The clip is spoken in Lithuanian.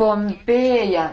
Pompėja